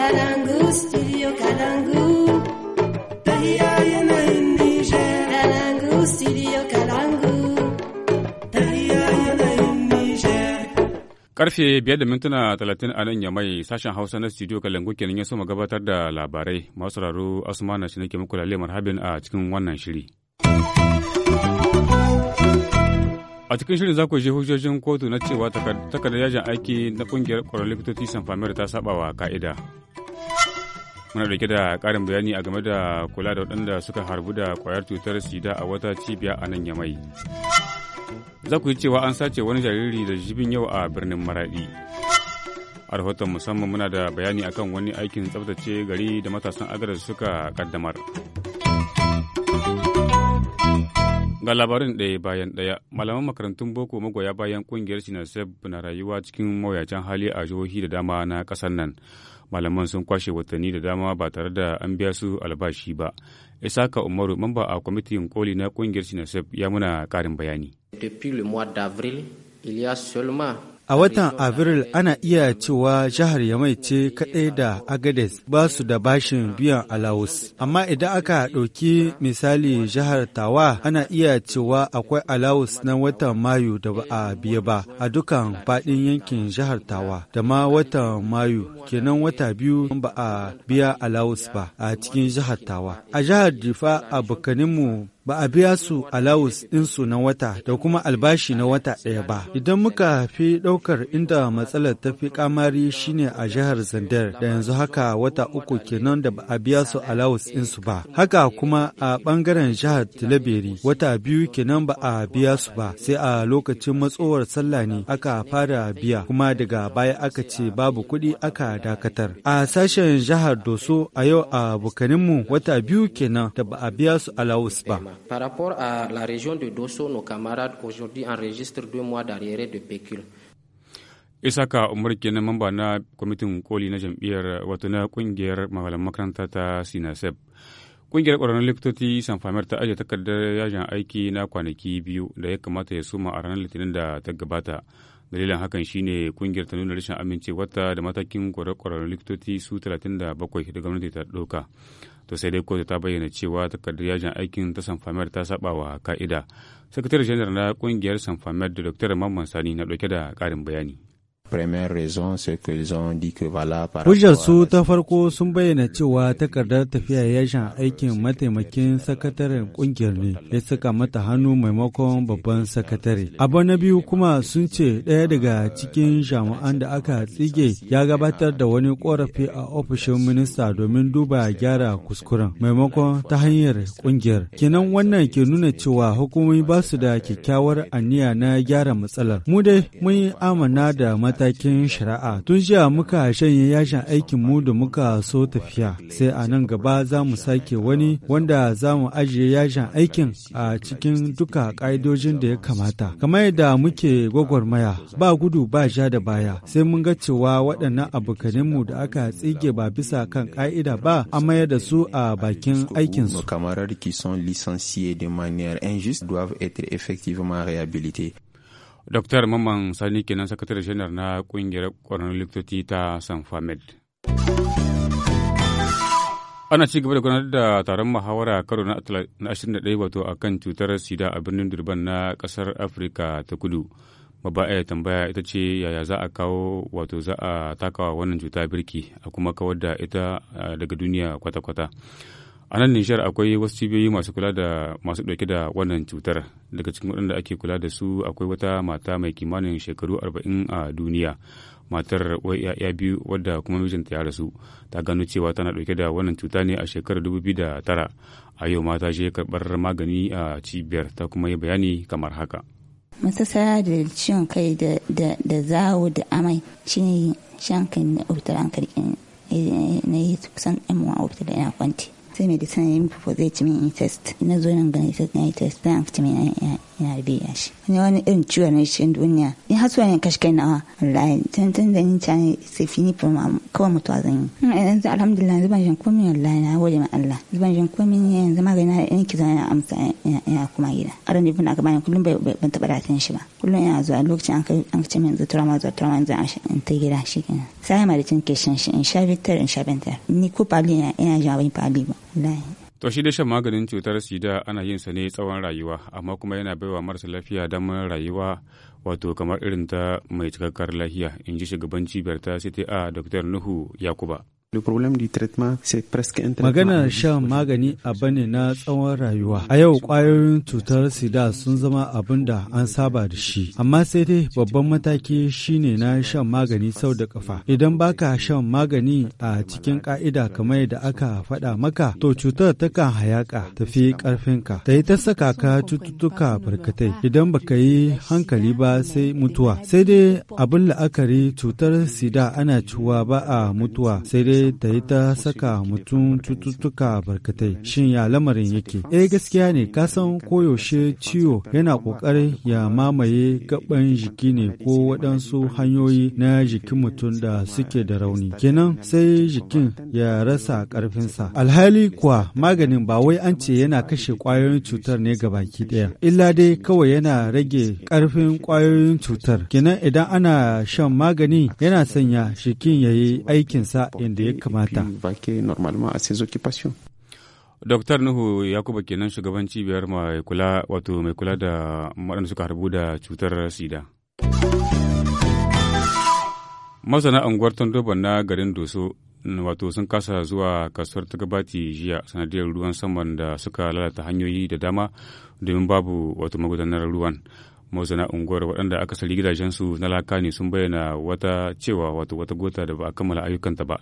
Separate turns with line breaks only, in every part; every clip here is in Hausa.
Kalangu, studio Kalangu. Niger. Kalangu, studio Kalangu.
Karfe biyar da mintuna talatin a nan ya mai sashen Hausa na studio Kalangu kenan ya soma gabatar da labarai. Masu raro Asmana shi nake muku lalle marhabin a cikin wannan shiri. a cikin shirin za ku je hujjojin kotu na cewa takardar yajin aiki na kungiyar kwararrun likitoci sanfamiyar ta saba wa ka'ida muna dauke da karin bayani a game da kula da waɗanda suka harbu da kwayar cutar sida a wata cibiya a nan yamai za ku yi cewa an sace wani jariri da jibin yau a birnin maradi a rahoton musamman muna da bayani akan wani aikin tsabtace gari da matasan agarar suka kaddamar. Ga labarin ɗaya bayan ɗaya, malaman makarantun boko magoya bayan ƙungiyar Sinasef na rayuwa cikin mawuyacin hali a jihohi da dama na ƙasar nan. Malaman sun kwashe watanni da dama ba tare da an biya su albashi ba. Isaka Umaru, mamba a kwamitin koli na ƙungiyar Sinasef ya muna ƙarin bayani. Depuis
le mois d'avril, il A watan Abril ana iya cewa jihar Yamai ce kaɗai da Agades ba su da bashin biyan alawus. Amma idan aka ɗauki misali jihar Tawa ana iya cewa akwai alawus na watan Mayu da ba a biya ba a dukan faɗin yankin jihar Tawa da ma watan Mayu kenan wata biyu ba a biya alawus ba a cikin jihar Tawa. A jihar Difa abokaninmu ba a biya su alawus ɗinsu na wata da kuma albashi na wata ɗaya ba. Idan muka fi ɗaukar inda matsalar ta fi kamari shine a jihar Zandar da yanzu haka wata uku kenan da ba a biya su alawus ɗinsu ba. Haka kuma a ɓangaren jihar Tilaberi wata biyu kenan ba a biya su ba sai a lokacin matsowar sallah ne aka fara biya kuma daga baya aka ce babu kuɗi aka dakatar. A sashen jihar Doso a yau a bukaninmu wata biyu kenan da ba a biya su alawus ba. Par rapport à la région de Dosso, nos camarades aujourd'hui enregistrent deux mois d'arriérés de pécule.
isaka umar kenan mamba na kwamitin koli na jam'iyyar wato na kungiyar malaman makaranta ta sinasef kungiyar ƙwararrun likitoci famer ta ajiye takardar yajin aiki na kwanaki biyu da ya kamata ya suma a ranar litinin da ta gabata dalilin hakan shine kungiyar ta nuna rashin amincewarta da matakin kwararrun likitoci su 37 da gwamnati ta ɗauka to sai dai kotu ta bayyana cewa takardar yajin aikin ta sanfamer ta saba wa ka'ida sakatare janar na kungiyar sanfamer da dr mamman sani na ɗauke da ƙarin bayani Hujjar su
ta farko sun bayyana cewa takardar tafiya yashin aikin mataimakin sakataren kungiyar ne ya saka mata hannu maimakon babban sakatare. Abu na biyu kuma sun ce ɗaya daga cikin jami'an da aka tsige ya gabatar da wani korafi a ofishin minista domin duba gyara kuskuren maimakon ta hanyar kungiyar. Kenan wannan ke nuna cewa hukumomi ba su da kyakkyawar aniya na gyara matsalar. Mu dai mun amana da mata matakin shari'a. Tun jiya muka shanye yashin aikin mu da muka so tafiya, sai a nan gaba za mu sake wani wanda za mu ajiye yashin aikin a cikin duka ƙa'idojin da ya kamata. Kamar yadda muke gwagwarmaya, ba gudu ba ja da baya, sai mun ga cewa waɗannan mu da aka tsige ba bisa kan ƙa'ida ba a mayar da su a bakin aikinsu. su camarades qui sont licenciés de manière injuste doivent être effectivement réhabilités.
Dr. Mamman Sani kenan sakataren shanar na kungiyar ƙwararrun likitoci ta Famed. Ana ci gaba da gudanar da taron muhawara karo na 21 wato a kan cutar sida a birnin Durban na kasar Afirka ta kudu. Mabaya tambaya ita ce yaya za a kawo wato za a takawa wannan cuta birki a kuma kawar da ita daga duniya kwata-kwata. a nan nishar akwai wasu cibiyoyi masu kula da masu ɗauke da wannan cutar daga cikin waɗanda ake kula da su akwai wata mata mai kimanin shekaru arba'in a duniya matar wai ya biyu wadda kuma mijinta ya rasu ta gano cewa tana ɗauke da wannan cuta ne a shekarar da tara a yau mata je karɓar magani a cibiyar ta kuma yi bayani kamar haka
matasara da ciwon kai da zawo da amai shan kai na obtar hankali eh, na yi kusan ɗan mawa obtar da yana kwanti the medicine for the HIV test. In the United States, thanks to me. Yeah. ya biya shi wani wani irin ciwon rashin duniya in har ne kashi kai nawa wallahi tun tun da ni can sai fini fama kawai mutuwa zan yi yanzu alhamdulillah yanzu ban shan komai wallahi na gode ma Allah yanzu ban shan komai yanzu magani na in ki zana amsa ina kuma gida aron ne bana gaban kullum ban taba ratin shi ba kullum ina zuwa lokacin an kai an ce min zuwa turama ma zuwa turama ma yanzu an ta gida shi kenan sai ma da tun ke shan shi in sha bitar in sha bitar ni ko pali ina ina eh, jawabi pali ba wallahi
To shi dai shan maganin cutar sida ana yin sa ne tsawon rayuwa amma kuma yana baiwa marasa lafiya damar rayuwa wato kamar irin ta mai cikakkar lahiya in ji shugaban cibiyar ta a Dr. Nuhu Yakuba.
Maganar shan magani abu ne na tsawon rayuwa. A yau ƙwayoyin cutar sida sun zama abin da an saba da shi. Amma sai dai babban mataki shine na shan magani sau da kafa. Idan baka shan magani a cikin ka'ida kamar yadda aka faɗa maka, to cutar ta kan hayaka tafi ƙarfinka. Ta yi ta saka ka cututtuka barkatai. Idan baka yi hankali ba sai mutuwa. Sai dai abin la'akari cutar sida ana ciwa ba a mutuwa. Sai dai dai ta yi ta saka mutum cututtuka barkatai shin ya lamarin yake E, gaskiya ne kasan koyaushe ciwo yana kokarin ya mamaye gaban jiki ne ko waɗansu hanyoyi na jikin mutum da suke da rauni kenan sai jikin ya rasa ƙarfinsa alhali kuwa maganin ba wai an ce yana kashe ƙwayoyin cutar ne ga baki ɗaya illa dai kawai yana rage ƙarfin ƙwayoyin cutar kenan idan ana shan magani yana sanya jikin ya yi aikinsa inda ya kamata.
Dr. Nuhu Yakuba kenan shugaban cibiyar mai kula wato mai kula da waɗanda suka harbu da cutar sida. Masana unguwar tondo na garin Doso wato sun kasa zuwa kasuwar tagabati jiya sanadiyar ruwan saman da suka lalata hanyoyi da dama domin babu wato magudanar ruwan. mazauna unguwar waɗanda aka sari gidajensu na laka ne sun bayyana wata cewa wato wata gota da ba a kammala ayyukanta ba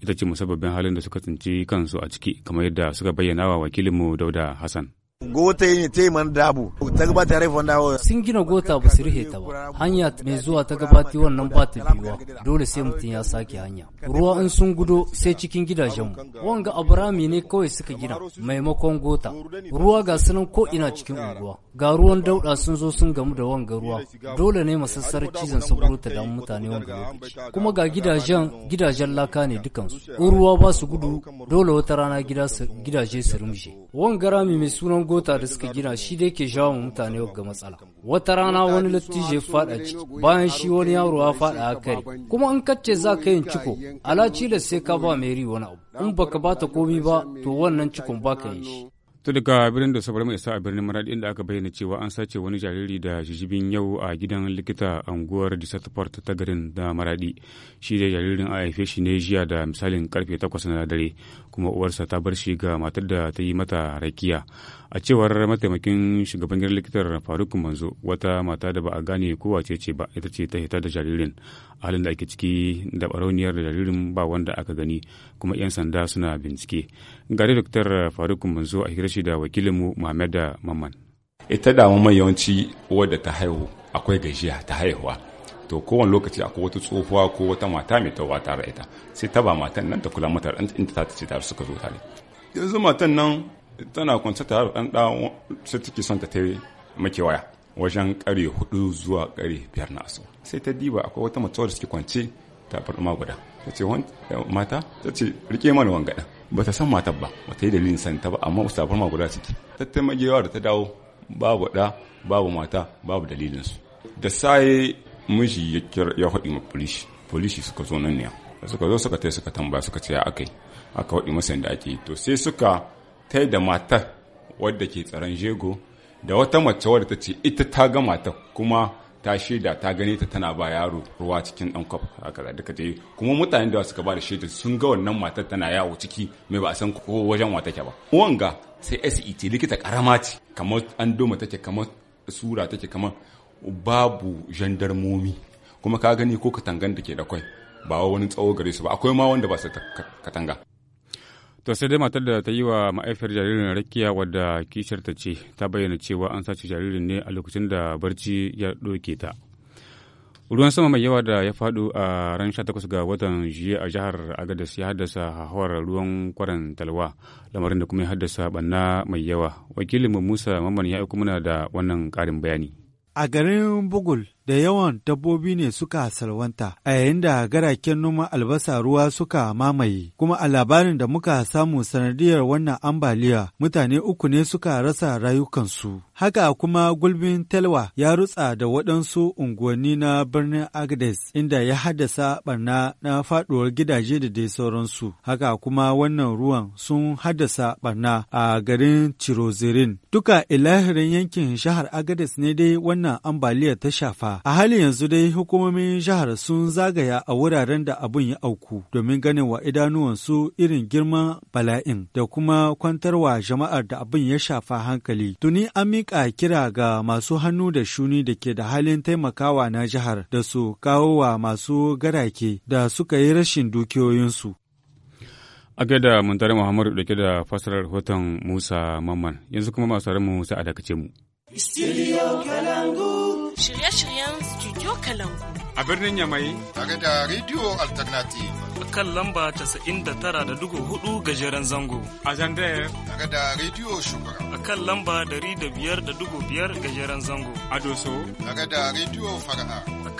ita ce musabbabin halin da suka tsinci kansu a ciki kamar yadda suka bayyana wa wakilinmu dauda hassan
gota ne ta man dabu ta gabata wa sun gina gota ba su rihe ta ba hanya mai zuwa ta gabati wannan ba ta biyuwa dole sai mutum ya sake hanya ruwa in sun gudo sai cikin gidajenmu wanga abrami ne kawai suka gina maimakon gota ruwa ga sunan ko ina cikin unguwa ga ruwan dauda sun zo sun gamu da wanga ruwa dole ne masassarar cizon saburo ta damu mutane wanga lokaci kuma ga gidajen gidajen laka ne dukansu in ruwa ba su gudu dole wata rana gidaje su rumshe wanga rami mai sunan gota da suka gina shi da yake jawo mutane ga matsala wata rana wani lattijo ya fada ciki bayan shi wani yaro ya fada a kare kuma an kace za ka yin ciko alaci da sai ka ba meri wani abu in ba ka bata komi ba to wannan cikon ba ka yi shi
ta daga birnin da sabar mai sa a birnin maradi inda aka bayyana cewa an sace wani jariri da jijibin yau a gidan likita anguwar disatport ta garin da maradi shi da jaririn a haife shi ne jiya da misalin karfe takwas na dare kuma uwarsa ta bar shi ga matar da ta yi mata rakiya a cewar mataimakin shugaban gidan likitar faruk manzo wata mata da ba a gane ko wace ce ba ita ce ta hita da jaririn a halin da ake ciki da barauniyar da jaririn ba wanda aka gani kuma 'yan sanda suna bincike gare dr faruk manzo
a hirashi da wakilinmu muhammad mamman ita da mai yawanci wadda ta haihu akwai gajiya ta haihuwa to kowane lokaci akwai wata tsohuwa ko wata mata mai tawa tare ita sai ta ba matan nan ta kula mata in ta ce ta suka zo tare yanzu matan nan tana kwance tare da ɗan sai take son ta maki waya. wajen kare hudu zuwa kare biyar na aso sai ta diba akwai wata mace da suke kwance ta faɗi guda. ta ce eh, mata ta ce rike mana wangaɗa ba ta san matar ba ba ta yi dalilin san ta ba amma wasu ma guda suke ta ta magewa da ta dawo babu ɗa babu mata babu dalilin su. da sai miji ya haɗi ma polishi polishi suka zo nan ne suka zo suka tai suka tambaya suka ce akai aka waɗi masa yadda ake yi to sai suka ta da matar wadda ke tsaron jego da wata mace wadda ta ce ita ta ga matar kuma ta shaida ta gane ta tana ba yaro ruwa cikin dan kwaf haka da duka kuma mutane da suka ba da shaida sun ga wannan matar tana yawo ciki mai ba a san ko wajen wa take ba wanga sai SET likita karama ce kamar an doma take kamar sura take kamar babu jandarmomi kuma ka gani ko katangan da ke da kwai ba wani tsawo gare su ba akwai ma wanda ba su katanga
To sai dai matar da ta yi wa ma'aifiyar jaririn rakiya wadda kishar ta ce ta bayyana cewa an sace jaririn ne a lokacin da barci ya ɗoke ta. Ruwan sama mai yawa da ya faɗo a ran 18 ga watan Juye a jihar agadas ya haddasa hawar ruwan kwaran talwa lamarin da kuma ya haddasa banna mai yawa. Wakilinmu Musa Mamman ya aiko mana da wannan ƙarin bayani.
A garin Bugul da yawan dabbobi ne suka salwanta a yayin da garaken noman albasa ruwa suka mamaye kuma a labarin da muka samu sanadiyar wannan ambaliya mutane uku ne suka rasa rayukansu haka kuma gulbin telwa ya rutsa da waɗansu unguwanni na birnin agdes inda ya haddasa barna na faɗuwar gidaje da dai sauransu haka kuma wannan ruwan sun haddasa barna a garin cirozirin duka ilahirin yankin shahar agades ne dai wannan ambaliya ta shafa A halin yanzu dai hukumomin jihar sun zagaya a wuraren da abun ya auku domin ganin wa idanuwansu irin girman bala'in da kuma kwantarwa jama'ar da abin ya shafa hankali. Tuni an miƙa kira ga masu hannu da shuni da ke da halin taimakawa na jihar da su kawo wa masu garake da suka yi rashin dukiyoyinsu.
A gaida Muntare Muhammadu dauke da fasarar rahoton Musa Mamman, yanzu kuma masu mu sai a dakace mu.
Studio Kalangu.
shirye-shiryen Studio Kalangu. A birnin Yamai. Tare da Radio Alternative.
A kan lamba 99.4 gajeren zango. A Zandaya. Tare da Radio Shugaba. A kan lamba 105.5 gajeren zango. A Doso. Tare da Radio Fara'a.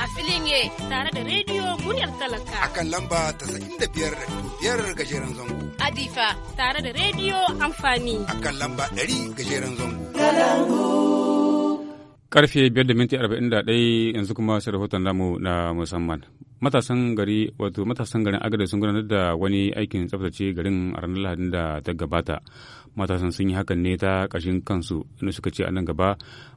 a filin ye tare da rediyo muryar talaka a
kan lamba ta da biyar biyar gajeren zango
adifa tare da rediyo amfani a kan lamba ɗari gajeren zango
karfe biyar da minti arba'in da ɗaya yanzu kuma sai rahoton namu na musamman matasan gari wato matasan garin agada sun gudanar da wani aikin tsaftace garin a ranar lahadin da ta gabata matasan sun yi hakan ne ta ƙashin kansu inda suka ce a nan gaba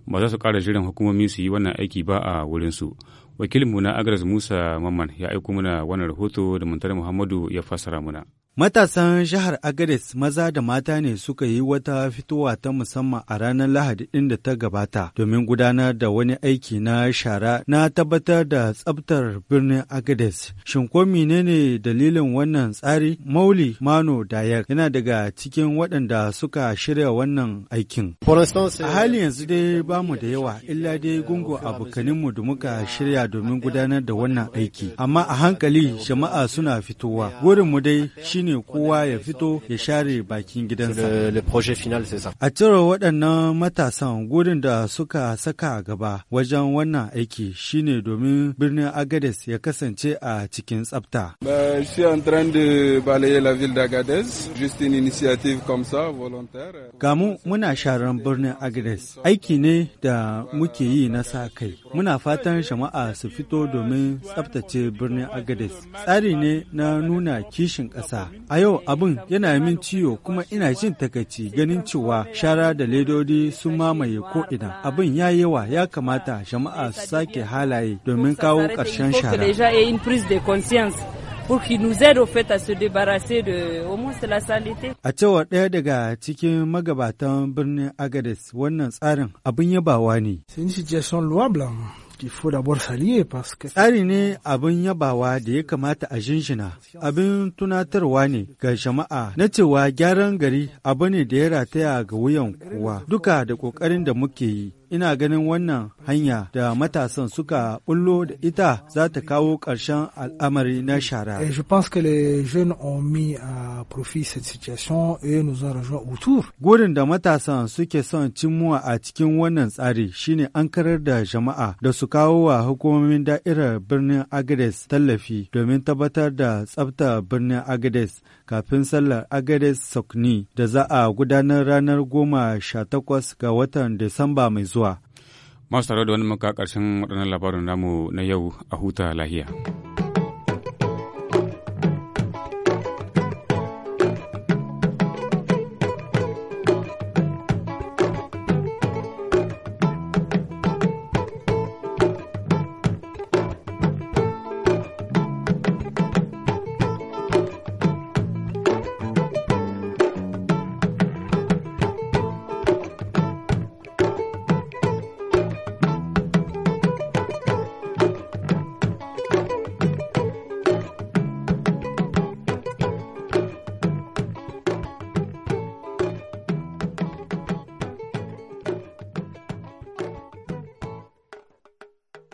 ba za su ƙara jiran hukumomi su yi wannan aiki ba a wurinsu wakilinmu na agres musa mamman ya aiko mana wannan rahoto da muntar muhammadu ya fassara muna
Matasan jihar Agades maza da mata ne suka yi wata fitowa ta musamman a ranar Lahadi ɗin da ta gabata domin gudanar da wani aiki na shara na tabbatar da tsabtar birnin Agades. Shin ko menene dalilin wannan tsari? Mauli Mano Dayak yana daga cikin waɗanda suka shirya wannan aikin. A hali yanzu dai bamu da yawa, illa dai gungu abokaninmu da muka shirya domin gudanar da wannan aiki. Amma a hankali jama'a suna fitowa. Gurinmu dai shi shine kowa ya fito ya share bakin gidansa. A cire waɗannan matasan gurin da suka saka gaba wajen wannan aiki shine domin birnin Agades ya kasance a cikin tsafta. Gamu muna sharan birnin Agades aiki ne da muke yi na sa kai. Muna fatan jama'a su fito domin tsaftace birnin Agades. Tsari ne na nuna kishin ƙasa A yau abin yana min ciwo kuma ina jin takaici ganin cewa shara da ledodi sun mamaye ko'ina. Abin ya yi yawa ya kamata jama'a su sake halaye domin kawo ƙarshen
shara. pour nous au fait à de au la
A cewar ɗaya daga cikin magabatan birnin Agadez wannan tsarin abin yabawa ne. C'est une Tsari ne abin yabawa da ya kamata a jinjina, abin tunatarwa ne ga jama'a na cewa gyaran gari abu ne da ya rataya ga wuyan kowa duka da ƙoƙarin da muke yi. ina ganin wannan hanya da matasan suka bullo da ita za ta kawo ƙarshen al'amari na shara. Gurin da matasan suke son cimmuwa a cikin wannan tsari shine an karar da jama'a da su kawo wa hukumomin da'irar birnin Agades tallafi domin tabbatar da tsabta birnin Agades kafin sallar Agades Sokni da za a gudanar ranar goma sha takwas ga watan Disamba mai zuwa. zuwa.
Masu tare da wani muka ƙarshen waɗannan labarin namu na yau a huta lahiya.